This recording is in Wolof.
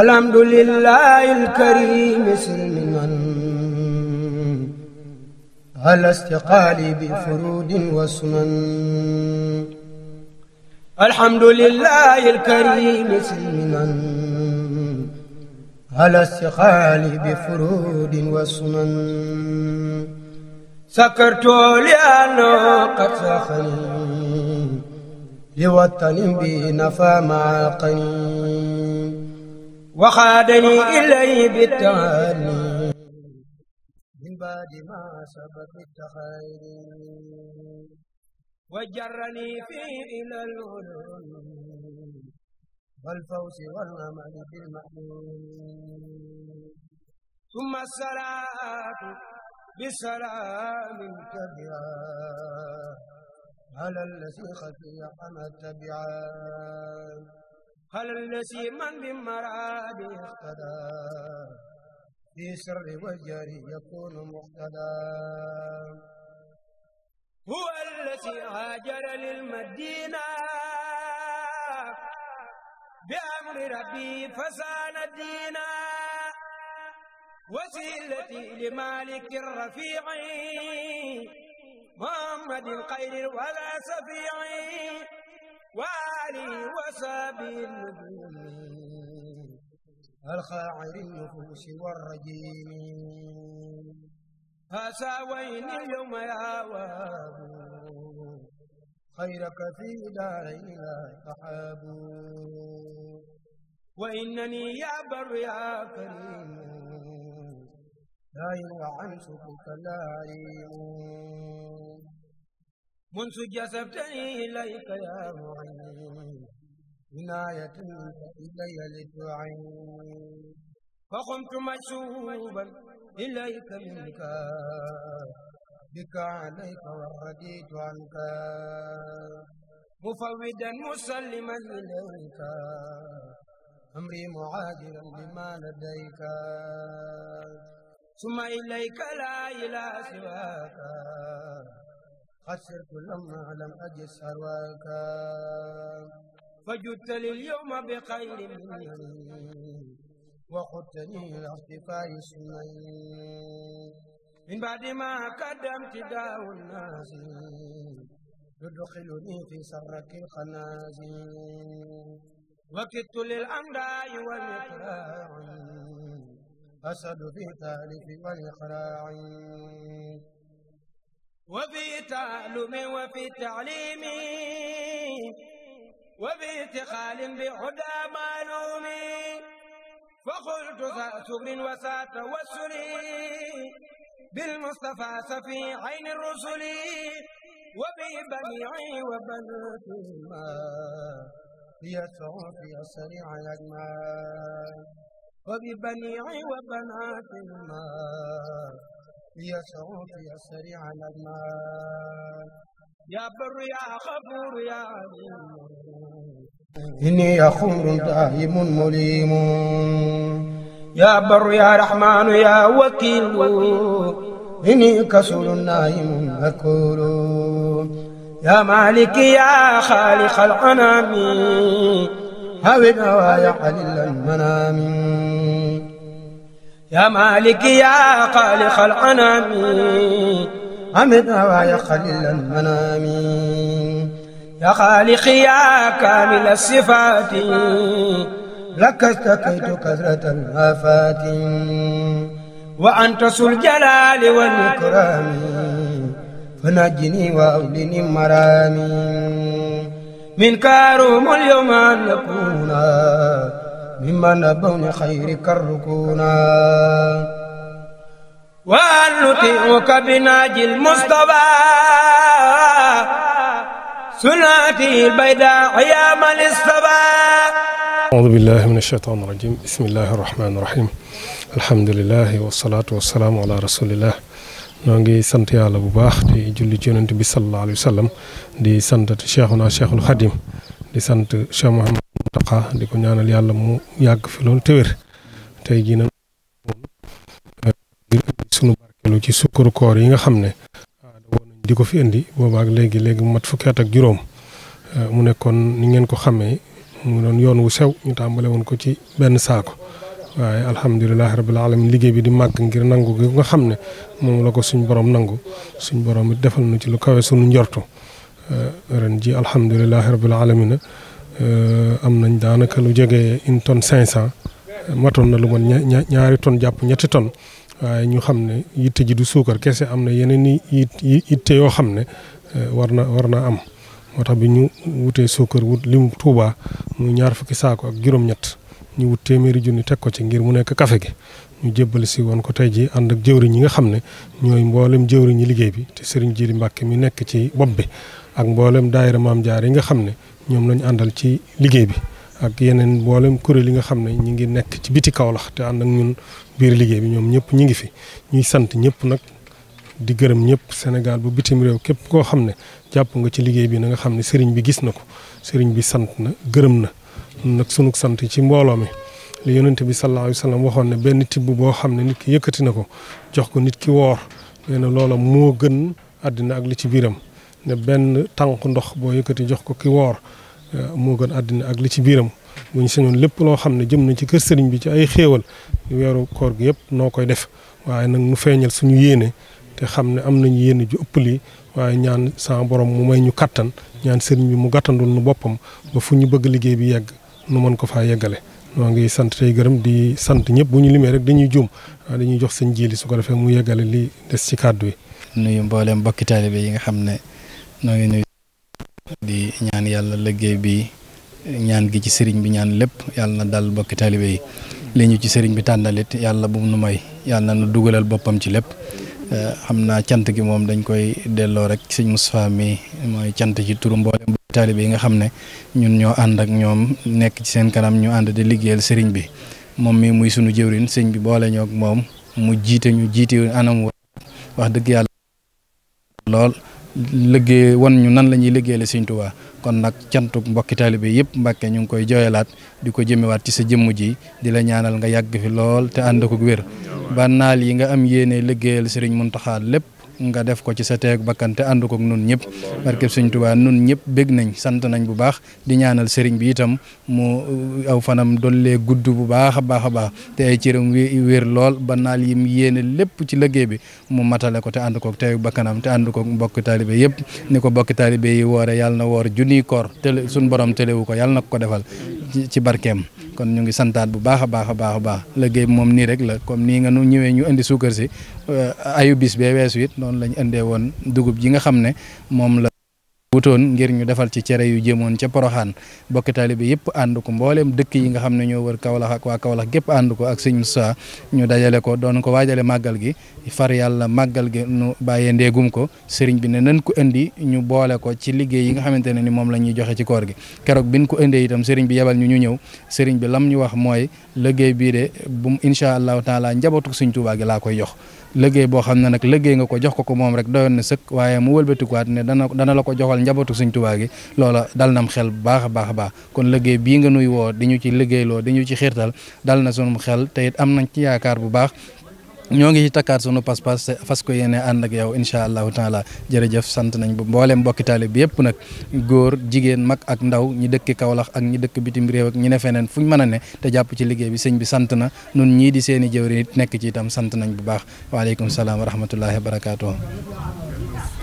alhamdulillahi alkarim silminan ala istiqaali bi furudin wa sunan alhamdulillahi alkarim silminan ala istiqaali bi waxaadani illay bitaani min baadi ma sabab taxayri wa jarrani fi ilal ulum wal fawzi wal amali bil ma'lum summa salaatu bi salaamin tabia ala allasi xafiya ana tabia على الذي من بمراد اهتدى في سر والجار يكون مقتدى هو الذي هاجر للمدينة بأمر ربي فزان دينا وسيلتي لمالك الرفيع محمد خير ولا سفيع وآله وصحبه النبيين الخاعر النفوس والرجيم فساويني اليوم يا وهاب خيرك في دارين لا تحاب وإنني يا بر يا كريم لا ينوى عن سكوت لا يموت منذ جسبتني إليك يا معين عناية إلي لتعين فقمت مشوبا إليك منك بك عليك ورديت عنك مفودا مسلما إليك أمري معادلا لما لديك ثم إليك لا إله سواك قد سرت لما لم أجد سرواك فجدت لي اليوم بخير مني وخدتني إلى اختفاء سنين من بعد ما قدمت داء الناس يدخلني في سرك الخنازير وكدت للأمداء والإكرام أسد في تالف والإخراع وفي التعلم وفي التعليم وفي اتقال بحدى معلوم فقلت ذا سبر وسا توسل بالمصطفى سفي عين الرسل وببنيعي وبنات ما ليسع في سريع الأجمال وببنيعي وبنات ما ليسعوا في أسر على المال يا بر يا غفور يا عليم إني أخور دائم مليم يا بر يا رحمن يا وكيل إني كسول نائم أكول يا مالك يا خالق الأنام هب نوايا على المنام يا مالك يا خالق الأنام حمدنا ويا خليل المنام يا خالق يا كامل الصفات لك اشتكيت كثرة الآفات وأنت ذو الجلال والإكرام فنجني وأغنني مرامي منك روم اليوم أن نكون مما نبون خير كركونا وأن نطيعك بناجي المصطفى سناتي البيداء يا من اصطفى أعوذ بالله من الشيطان الرجيم بسم الله الرحمن الرحيم الحمد لله والصلاة والسلام على رسول الله noo ngi sant yàlla bu baax di julli ci yonent bi sallallahu alayhi wa sallam di sant cheikhuna cheikhul xadim di sant cheikh Mouhamed Muntaqa di ko ñaanal yàlla mu yàgg fi loolu te tey jii nag ngir indi sunu barkeelu ci sukkaru koor yi nga xam ne aada woon nañ di ko fi indi boobaak léegi léegi mu mat fukki at ak juróom mu nekkoon ni ngeen ko xamee mu doon yoon wu sew ñu tàmbale woon ko ci benn saako waaye alhamdulilahi rabbil alamin liggéey bi di màgg ngir nangu gi nga xam ne moom la ko suñ borom nangu suñ borom it defal na ci lu kawe suñu njortu ren ji alhamdulilahi rabbil alamin Euh, am nañ daanaka lu jege une tonne cinq cent matoon na lu man ñaari tonne jàpp ñetti tonne waaye ñu xam ne yitte ji du suukar kese am na yeneen i yitte yoo xam ne euh, war na war naa am moo tax bi ñu wutee suukar wut limu Tuubaa muy ñaar fukki saako ak juróom-ñett ñu wut téeméeri junni teg ko ci ngir mu nekk kafe gi ñu jébbal si woon ko tey ji ànd ak jëwriñ ñi nga xam ne ñooy mboolem jëwriñ ñi liggéey bi te Serigne Jili Mbàkke mi nekk ci bopp bi ak mboolem daayira Maam Jaar yi nga xam ne ñoom lañu àndal ci liggéey bi ak yeneen mboolem kuréel yi nga xam ne ñu ngi nekk ci biti Kaolack te ànd ak ñun biir liggéey bi ñoom ñëpp ñu ngi fi ñuy sant ñëpp nag di gërëm ñëpp Sénégal bu bitim réew képp koo xam ne jàpp nga ci liggéey bi na nga xam ne sëriñ bi gis na ko sëriñ bi sant na gërëm na nag sunu sant ci mbooloo mi li yonente bi sallallahu alayhi wa waxoon ne benn tibb boo xam ne nit ki yëkkati na ko jox ko nit ki woor nee na moo gën àddina ak li ci biiram ne benn tànku ndox boo yëkkati jox ko ki woor eh, moo gën àddina ak li ci biiram bu ñu sañoon lépp loo xam ne jëm na ci kër sëriñ bi ci ay xéewal weeru koor gi yëpp noo koy def waaye nag nu feeñal suñu yéene te xam ne am nañu yéene ju ëpp lii waaye ñaan sama borom mu may ñu kàttan ñaan sëriñ bi mu gàttandul nu boppam ba fu ñu bëgg liggéey bi yegg nu mën ko faa yeggale. noo ngi sant tey gërëm di sant ñëpp bu ñu limee rek dañuy juum dañuy jox seen jiili su ko defee mu yeggale li des ci kàddu yi. nuyu mboolem mbokki taalibe yi nga xam ne noo ngi nuyu di ñaan yàlla liggéey bi ñaan gi ci sëriñ bi ñaan lépp yàlla na dal bokki taalibe yi li ñu ci sëriñ bi tànnalit yàlla bu nu may yàlla na nu dugalal boppam ci lépp eh, xam naa cant gi moom dañ koy delloo rek sëñ Moustapha mi mooy cant ci turu mboolem bokki taalibe yi nga xam ne ñun ñoo ànd ak ñoom nekk ci seen kanam ñu ànd di liggéeyal sëriñ bi moom mii muy sunu jëwrin sëñ bi boole ñoo ak moom mu jiite ñu jiite anam wax dëgg yàlla lool liggéey wan ñu nan la ñuy liggéeyale Sëñ Tuubaa kon nag cantuk mbokki taalibe yëpp Mbàkke ñu ngi koy jooyalaat di ko jëmewaat ci sa jëmm ji di la ñaanal nga yàgg fi lool te ànd ko wér ba naal yi nga am yéene liggéeyal Sëriñ Muntaxa lépp nga def ko ci sa teeg bakkan te ànd kook nun ñëpp barkeb sëñ Tuubaa nun ñëpp bég nañ sant nañ bu baax di ñaanal sëriñ bi itam mu uh, aw fanam dollee gudd bu baax a baax a baax te ay cëram wér lool ba naal yim yéene lépp ci liggéey bi mu matale ko te ànd kook teeg bakkanam te ànd kook mbokki taalibe yëpp ni ko mbokki taalibe yi woore yàlla na woor junni koor tele suñ borom telewu ko yàlla na ko defal ci barkeem kon ñu ngi santaat bu baax a baax a baax a baax liggéey bi moom nii rek la comme nii nga nu ñëwee ñu indi suukar si euh, ayu bis bee weesu it noonu lañ indee woon dugub ji nga xam ne moom la wutoon ngir ñu defal ci cere yu jëmoon ca Poroxaan bokki taalibe yëpp ànd ko mbooleem dëkk yi nga xam ne ñoo wër Kaolack ak waa Kaolack gépp ànd ko ak sëñ Moussa ñu dajale ko doon ko waajale màggal gi far yàlla màggal gi nu bàyyee ndeegum ko sëriñ bi ne nañ ko indi ñu boole ko ci liggéey yi nga xamante ne ni moom la ñuy joxe ci koor gi keroog biñ ko indee itam sëriñ bi yebal ñu ñu ñëw sëriñ bi lam ñu wax mooy liggéey bii de bu incha allahu taala njabootu sëñ Tuubaa laa koy jox njabootu suñ Tuubaa gi loola dal nam xel baax a baax a baax kon liggéey bii nga nuy woo di ñu ci liggéeyloo di ñu ci xiirtal dal na sunum xel te it am nañ ci yaakaar bu baax ñoo ngi ci takkaat sunu pas-pas fas ko yenee ànd ak yow incha allahu taala jërëjëf sant nañ bu mbooleem mbokki taalib bi yëpp nag góor jigéen mag ak ndaw ñi dëkk Kaolack ak ñi dëkk bitim réew ak ñi ne feneen fu ñu mën a ne te jàpp ci liggéey bi sëñ bi sant na nun ñii di seeni i jëwri nekk ci itam sant nañ bu baax waaleykum salaam wa rahmatullahi wa barakaatuh